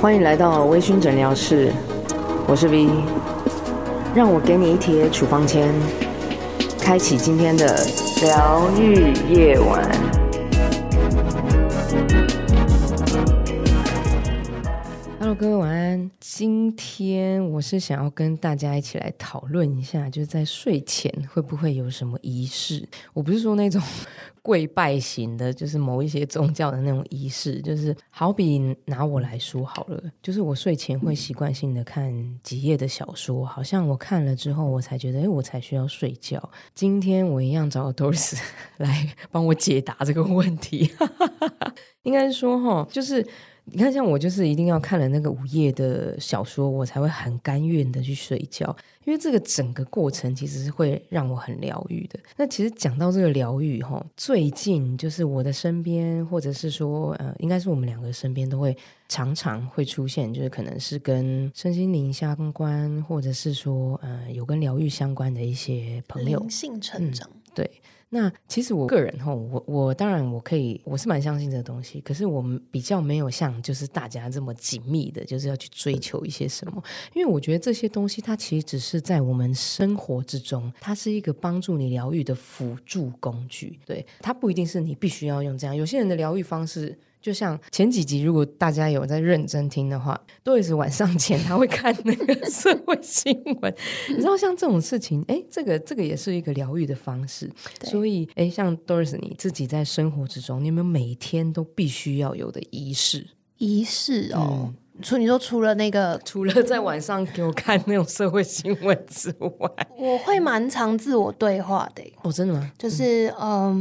歡迎來到微醺診療室，我是 V，讓我給你一帖處方簽，開啟今天的療癒夜晚。Hello，各位晚安。今天我是想要跟大家一起來討論一下，就是在睡前會不會有什麼儀式？我不是說那種跪拜型的，就是某一些宗教的那種儀式。就是好比拿我來說好了，就是我睡前會習慣性的看幾頁的小說，好像我看了之後，我才覺得，哎，我才需要睡覺。今天我一樣找 Doris 來幫我解答這個問題。 應該說，哦，哈，就是。你看，像我就是一定要看了那個午夜的小說，我才會很甘願的去睡覺，因為這個整個過程其實是會讓我很療癒的。那其實講到這個療癒哈，最近就是我的身邊，或者是說呃，應該是我們兩個身邊都會常常會出現，就是可能是跟身心靈相關，或者是說呃有跟療癒相關的一些朋友，靈性成長，嗯、對。那其實我個人哈，我我當然我可以，我是蠻相信這個東西。可是我們比較沒有像就是大家這麼緊密的，就是要去追求一些什麼。因為我覺得這些東西它其實只是在我們生活之中，它是一個幫助你療癒的輔助工具。對，它不一定是你必須要用這樣。有些人的療癒方式。就像前幾集，如果大家有在認真聽的話 ，Doris 晚上前他會看那個社會新聞。 你知道，像這種事情，哎、欸，這個這個也是一個療癒的方式。所以，哎、欸，像 Doris 你自己在生活之中，你有沒有每天都必須要有的儀式？儀式哦。嗯除你說除了那個，除了在晚上給我看那種社會新聞之外， 我會蠻常自我對話的、欸。哦，真的嗎？就是嗯，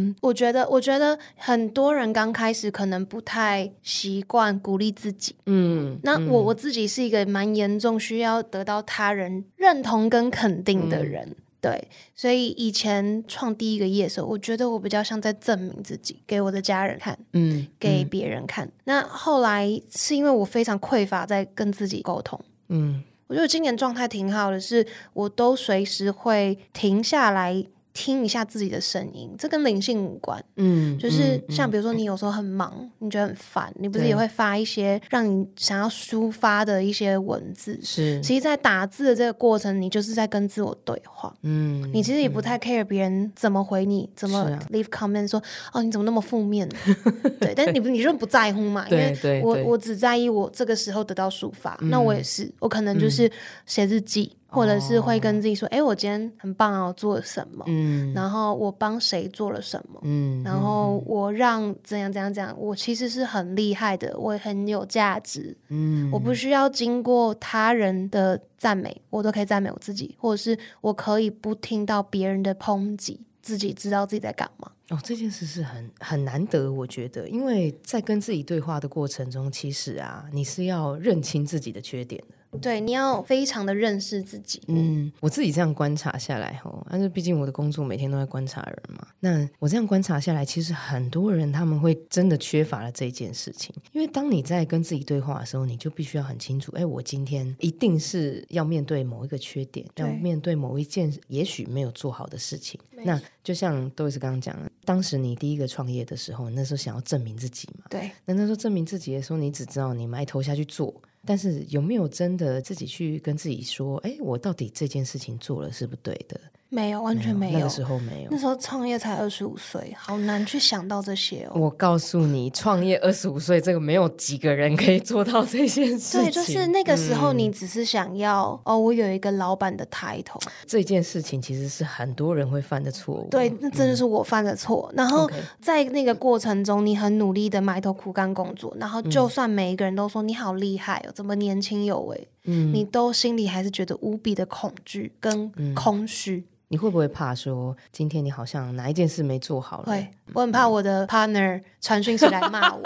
嗯，我覺得，我覺得很多人剛開始可能不太習慣鼓勵自己。嗯，那我、嗯、我自己是一個蠻嚴重需要得到他人認同跟肯定的人。嗯對，所以以前創第一個業的時候，我覺得我比較像在證明自己，給我的家人看，嗯，給別人看。嗯。那後來是因為我非常匱乏，在跟自己溝通，嗯，我覺得我今年狀態挺好的，是，我都隨時會停下來。聽一下自己的聲音，這跟靈性無關。嗯，就是像比如說，你有時候很忙，嗯、你覺得很煩、嗯，你不是也會發一些讓你想要抒發的一些文字？是，其實，在打字的這個過程，你就是在跟自我對話。嗯，你其實也不太 care 別人怎麼回你，嗯、怎麼 leave comment、啊、說哦，你怎麼那麼負面呢？ 對，但你不，你就是不在乎嘛。因為我對對對，我只在意我這個時候得到抒發。嗯、那我也是，我可能就是寫日記。嗯或者是會跟自己說：“哎、哦欸，我今天很棒哦，我做了什麼？嗯，然後我幫誰做了什麼？嗯，然後我讓怎樣怎樣怎樣。嗯，我其實是很厲害的，我很有價值。嗯，我不需要經過他人的讚美，我都可以讚美我自己，或者是我可以不聽到別人的抨擊，自己知道自己在幹嘛。”哦，這件事是很很難得，我覺得，因為在跟自己對話的過程中，其實啊，你是要認清自己的缺點的。對，你要非常的認識自己。嗯，嗯，我自己這樣觀察下來吼，但是畢竟我的工作每天都在觀察人嘛。那我這樣觀察下來，其實很多人他們會真的缺乏了這件事情。因為當你在跟自己對話的時候，你就必須要很清楚，哎，我今天一定是要面對某一個缺點，要面對某一件也許沒有做好的事情。那就像 Doris 剛剛講的，當時你第一個創業的時候，那時候想要證明自己嘛。對。那那時候證明自己的時候，你只知道你埋頭下去做。但是有沒有真的自己去跟自己說，哎，我到底這件事情做了是不對的？沒有，完全沒有，沒有。那個時候沒有，那時候創業才二十五歲，好難去想到這些哦。我告訴你，創業二十五歲這個沒有幾個人可以做到這件事情。對，就是那個時候你只是想要、嗯、哦，我有一個老闆的 title。這件事情其實是很多人會犯的錯誤。對，那真的是我犯的錯。嗯、然後在那個過程中，你很努力的埋頭苦幹工作，嗯、然後就算每一個人都說、嗯、你好厲害哦，怎麼年輕有為，嗯，你都心裡還是覺得無比的恐懼跟、嗯、空虛。你會不會怕說，今天你好像哪一件事沒做好了？對、嗯。我很怕我的 partner 傳訊息來罵我。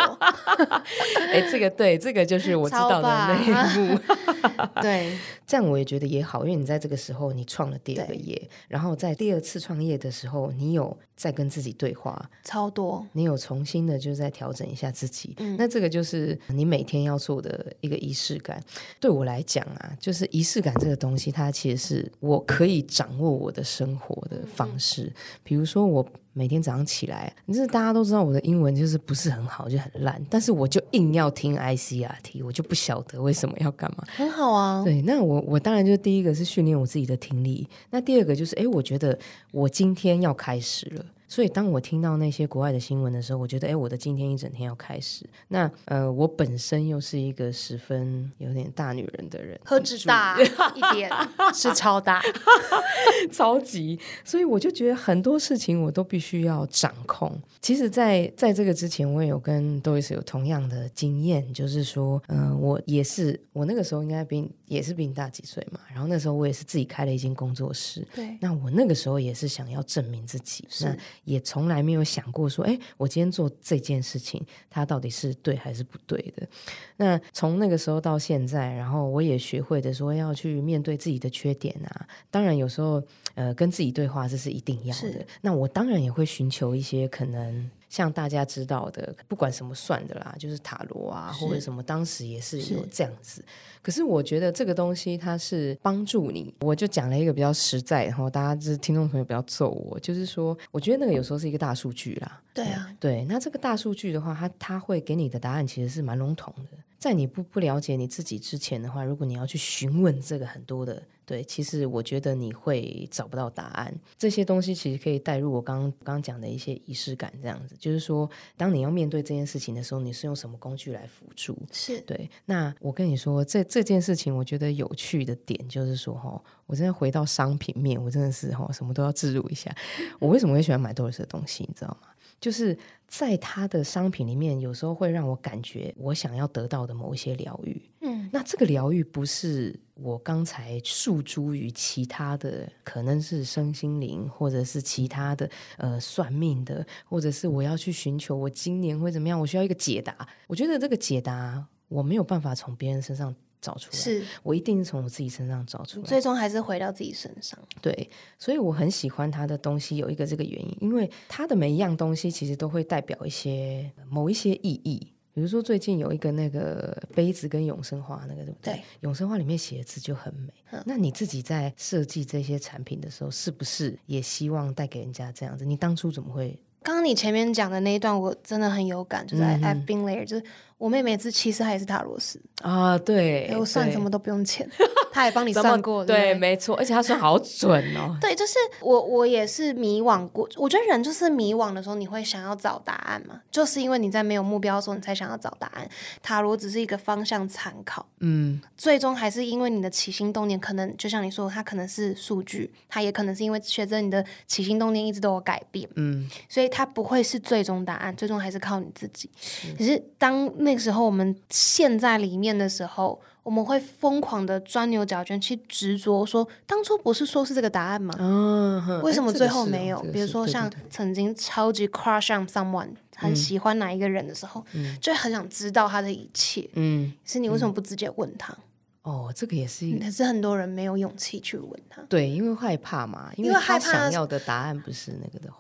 哎、 欸，這個對，這個就是我知道的內部 對，這樣我也覺得也好，因為你在這個時候，你創了第二個業，然後在第二次創業的時候，你有再跟自己對話。超多，你有重新的就是在調整一下自己。嗯，那這個就是你每天要做的一個儀式感。對我來講啊，就是儀式感這個東西，它其實是我可以掌握我的事。生活的方式，比如說我每天早上起來，就是大家都知道我的英文就是不是很好，就很爛，但是我就硬要聽 ICRT，我就不曉得為什麼要幹嘛。很好啊。對，那我我當然就第一個是訓練我自己的聽力，那第二個就是哎，我覺得我今天要開始了。所以當我聽到那些國外的新聞的時候，我覺得，哎，我的今天一整天要開始。那呃，我本身又是一個十分有點大女人的人，何止大一點 是超大， 超級。所以我就覺得很多事情我都必須要掌控。其實在，在在這個之前，我也有跟多麗斯有同樣的經驗，就是說，呃，嗯，我也是，我那個時候應該比你也是比你大幾歲嘛。然後那時候我也是自己開了一間工作室，對。那我那個時候也是想要證明自己，是也從來沒有想過說，哎，我今天做這件事情，它到底是對還是不對的？那從那個時候到現在，然後我也學會的說要去面對自己的缺點啊。當然，有時候呃跟自己對話，這是一定要的。那我當然也會尋求一些可能。像大家知道的，不管什麼算的啦，就是塔羅啊，或者什麼，當時也是有這樣子。可是我覺得這個東西它是幫助你，我就講了一個比較實在，然後大家就是聽眾朋友不要揍我，就是說我覺得那個有時候是一個大數據啦。嗯、對，對啊，對，那這個大數據的話，它它會給你的答案其實是蠻籠統的，在你不不了解你自己之前的話，如果你要去詢問這個很多的。對，其實我覺得你會找不到答案。這些東西其實可以帶入我剛剛講的一些儀式感，這樣子。就是說，當你要面對這件事情的時候，你是用什麼工具來輔助？是對。那我跟你說，這這件事情，我覺得有趣的點就是說，我真的回到商品面，我真的是什麼都要置入一下。 我為什麼會喜歡買 Doris 的東西，你知道嗎？就是在它的商品裡面，有時候會讓我感覺我想要得到的某一些療癒。嗯，那這個療癒不是。我剛才訴諸於其他的，可能是身心靈，或者是其他的，呃，算命的，或者是我要去尋求我今年會怎麼樣，我需要一個解答。我覺得這個解答我沒有辦法從別人身上找出來，是我一定是從我自己身上找出來。最終還是回到自己身上。對，所以我很喜歡他的東西有一個這個原因，因為他的每一樣東西其實都會代表一些某一些意義。比如說，最近有一個那個杯子跟永生花那個對不對？對，永生花裡面寫的字就很美，嗯。那你自己在設計這些產品的時候，是不是也希望帶給人家這樣子？你當初怎麼會？剛剛你前面講的那一段，我真的很有感，就是 a bin layer”，、嗯、就是。我妹妹是其實她也是塔羅師啊，對，哎、我算什麼都不用錢， 她也幫你算過，對，對，沒錯，而且她算好準哦！ 對，就是我我也是迷惘過，我覺得人就是迷惘的時候，你會想要找答案嘛，就是因為你在沒有目標的時候，你才想要找答案。塔羅只是一個方向參考，嗯，最終還是因為你的起心動念，可能就像你說，它可能是數據，它也可能是因為學着你的起心動念一直都有改變，嗯，所以它不會是最終答案，最終還是靠你自己。可是當那個時候，我們陷在裡面的時候，我們會瘋狂的鑽牛角尖，去執着說，當初不是說是這個答案嗎？哦、為什麼最後沒有？欸這個哦這個、比如說，像曾經超級 crush on someone，、嗯、很喜歡哪一個人的時候、嗯，就很想知道他的一切。嗯，是你為什麼不直接問他？嗯嗯、哦，這個也是，可是很多人沒有勇氣去問他。對，因為害怕嘛，因為害怕想要的答案不是那個的話，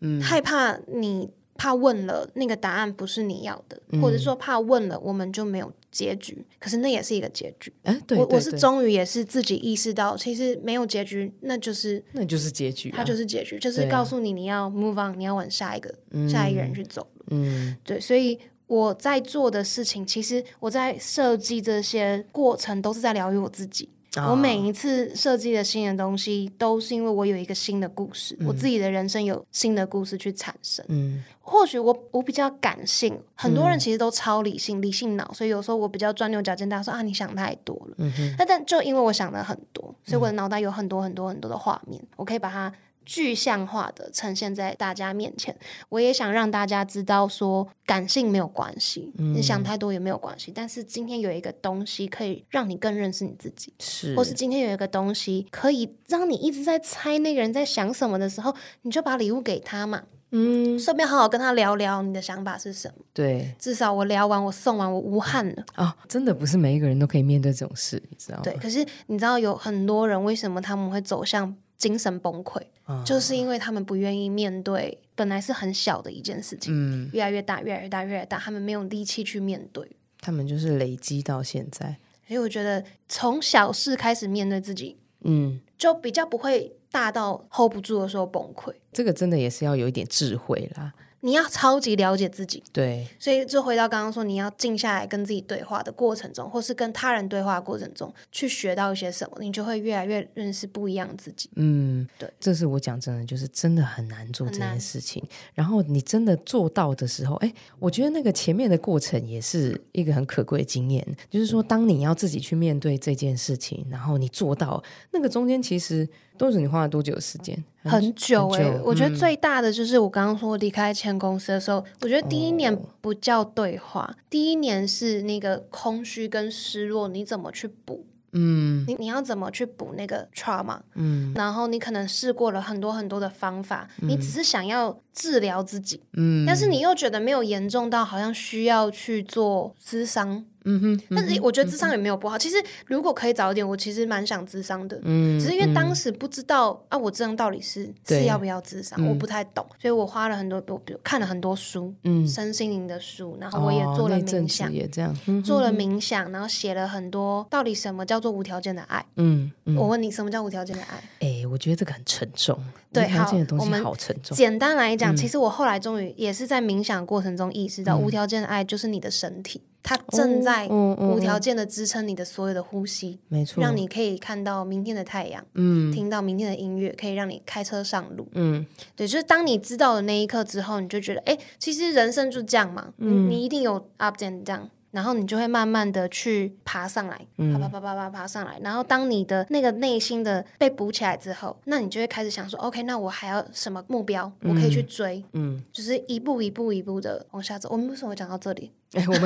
嗯、對，害怕你。怕問了那個答案不是你要的，嗯、或者說怕問了我們就沒有結局，可是那也是一個結局。哎、欸，我我是終於也是自己意識到，其實沒有結局，那就是那就是結局、啊，它就是結局，就是告訴你、啊、你要 move on，你要往下一個、嗯、下一個人去走。嗯，對，所以我在做的事情，其實我在設計這些過程，都是在療癒我自己。Oh. 我每一次設計的新的東西，都是因為我有一個新的故事、嗯，我自己的人生有新的故事去產生。嗯，或許我我比較感性，很多人其實都超理性，嗯、理性腦，所以有時候我比較鑽牛角尖大。大家說啊，你想太多了。嗯，但就因為我想了很多，所以我的腦袋有很多很多很多的畫面、嗯，我可以把它。具象化的呈現在大家面前，我也想讓大家知道說，說感性沒有關係，嗯，你想太多也沒有關係。但是今天有一個東西可以讓你更認識你自己，是；或是今天有一個東西可以讓你一直在猜那個人在想什麼的時候，你就把禮物給他嘛，嗯，順便好好跟他聊聊你的想法是什麼。對，至少我聊完，我送完，我無憾了啊。哦，真的不是每一個人都可以面對這種事，你知道嗎？對，可是你知道有很多人為什麼他們會走向？精神崩潰，哦，就是因為他們不願意面對本來是很小的一件事情，嗯，越來越大，越來越大，越來越大，他們沒有力氣去面對。他們就是累積到現在。所以我覺得從小事開始面對自己，嗯，就比較不會大到 hold 不住的時候崩潰。這個真的也是要有一點智慧啦。你要超級了解自己，對，所以就回到剛剛說，你要靜下來跟自己對話的過程中，或是跟他人對話的過程中，去學到一些什麼，你就會越來越認識不一樣的自己。嗯，對，這是我講真的，就是真的很難做這件事情。然後你真的做到的時候，哎，我覺得那個前面的過程也是一個很可貴的經驗，就是說，當你要自己去面對這件事情，然後你做到那個中間，其實。Doris 你花了多久的時間？很久哎、欸，我覺得最大的就是我剛剛說離開前公司的時候，嗯、我覺得第一年不叫對話、哦，第一年是那個空虛跟失落，你怎麼去補？嗯，你你要怎麼去補那個 trauma？嗯，然後你可能試過了很多很多的方法，嗯、你只是想要。治療自己，嗯，但是你又覺得沒有嚴重到好像需要去做諮商，嗯，嗯哼。但是我覺得諮商也沒有不好、嗯。其實如果可以早一點，嗯、我其實蠻想諮商的，嗯。只是因為當時不知道、嗯、啊，我這樣到底是是要不要諮商、嗯，我不太懂，所以我花了很多，我看了很多書，嗯，身心靈的書，然後我也做了冥想，哦、也這樣、嗯，做了冥想，然後寫了很多到底什麼叫做無條件的愛，嗯。嗯我問你什麼叫無條件的愛？欸我覺得這個很沉重，對，這些的東西好沉重。簡單來講、嗯，其實我後來終於也是在冥想過程中意識到，無條件的愛就是你的身體、嗯，它正在無條件的支撐你的所有的呼吸，沒、哦、錯、嗯嗯，讓你可以看到明天的太陽，嗯，聽到明天的音樂，可以讓你開車上路，嗯，對，就是當你知道的那一刻之後，你就覺得，哎，其實人生就這樣嘛，嗯、你，你一定有 up and down。然後你就會慢慢的去爬上來，爬爬，爬爬爬爬爬爬上來。然後當你的那個內心的被補起來之後，那你就會開始想說，OK，那我還要什麼目標，我可以去追，嗯，嗯，就是一步一步一步的往下走。哦，我們為什麼會講到這裡？哎，我們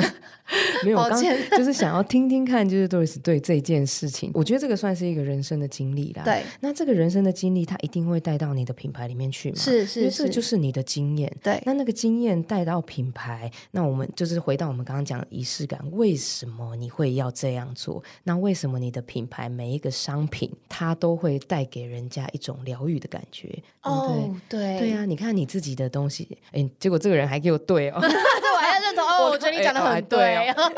沒有剛，剛就是想要聽聽看，就是 Doris 對這件事情， 我覺得這個算是一個人生的經歷啦。對，那這個人生的經歷，它一定會帶到你的品牌裡面去嘛，是、是、是，因為這就是你的經驗。對，那那個經驗帶到品牌，那我們就是回到我們剛剛講的儀式感，為什麼你會要這樣做？那為什麼你的品牌每一個商品，它都會帶給人家一種療癒的感覺？哦，對、對、對，對啊，你看你自己的東西，哎，結果這個人還給我對哦， 這我還要認同哦， 我覺得。你講的很對，啊，欸，對啊，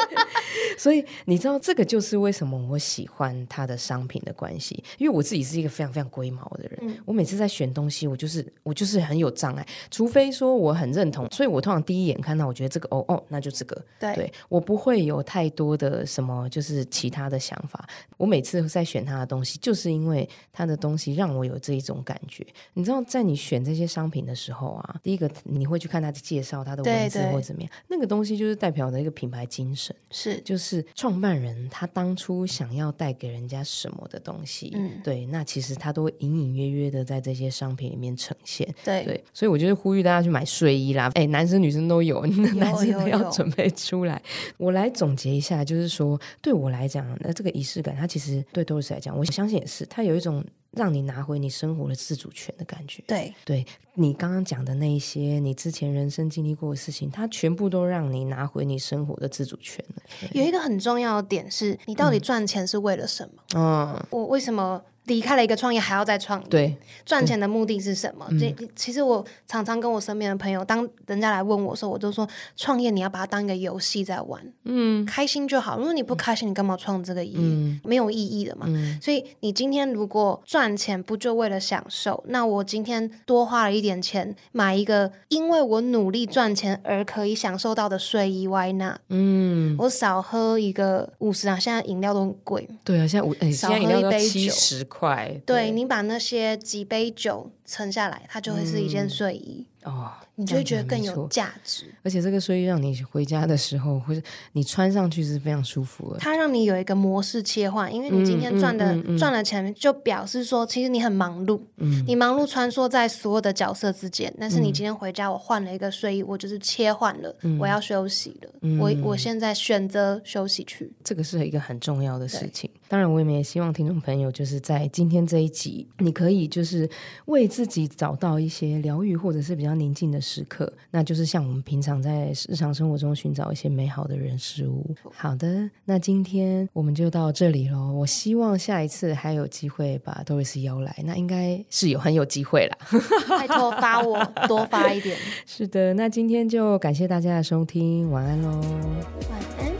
所以你知道這個就是為什麼我喜歡他的商品的關係，因為我自己是一個非常非常龜毛的人，嗯，我每次在選東西，我就是我就是很有障礙，除非說我很認同，所以我通常第一眼看到，我覺得這個哦，哦，那就這個，對,對我不會有太多的什麼，就是其他的想法。我每次在選他的東西，就是因為他的東西讓我有這一種感覺。你知道，在你選這些商品的時候啊，第一個你會去看他的介紹，他的文字或怎麼樣對,對,對，那個東西就是。代表的一個品牌精神是，就是創辦人他當初想要帶給人家什麼的東西，嗯，對，那其實他都隱隱約約的在這些商品裡面呈現，對，對，所以我就是呼籲大家去買睡衣啦，哎，男生女生都有，有 男生都要準備出來。我來總結一下，就是說，對我來講，那這個儀式感，它其實對 Doris 來講，我相信也是，它有一種。讓你拿回你生活的自主權的感覺，對對，你剛剛講的那一些，你之前人生經歷過的事情，它全部都讓你拿回你生活的自主權。有一個很重要的點是，你到底賺錢是為了什麼？嗯，哦、我為什麼？離開了一個創業，還要再創。對，賺錢的目的是什麼？這、嗯、其實我常常跟我身邊的朋友，當人家來問我的時候，我就說：創業你要把它當一個遊戲在玩，嗯，開心就好。如果你不開心，嗯、你幹嘛創這個業、嗯？沒有意義的嘛。嗯、所以你今天如果賺錢不就為了享受？那我今天多花了一點錢買一個，因為我努力賺錢而可以享受到的睡衣外搭，why not? 嗯，我少喝一個五十啊，現在飲料都很貴。對啊，現在五、欸，少喝一杯酒。快，對，對，你把那些幾杯酒存下來，它就會是一件睡衣。嗯，哦。你就會覺得更有價值，而且這個睡衣讓你回家的時候，或者你穿上去是非常舒服的。它讓你有一個模式切換，因為你今天賺的賺、嗯嗯嗯嗯、了錢，就表示說其實你很忙碌、嗯，你忙碌穿梭在所有的角色之間、嗯。但是你今天回家，我換了一個睡衣，我就是切換了、嗯，我要休息了，嗯、我我現在選擇休息去，這個是一個很重要的事情。當然，我也沒希望聽眾朋友就是在今天這一集，你可以就是為自己找到一些療癒，或者是比較寧靜的。時刻，那就是像我們平常在日常生活中尋找一些美好的人事物。好的，那今天我們就到這裡嘍。我希望下一次還有機會把 Doris 邀來，那應該是有，很有機會啦。 拜托發我多發一點。 是的，那今天就感謝大家的收聽，晚安嘍，晚安。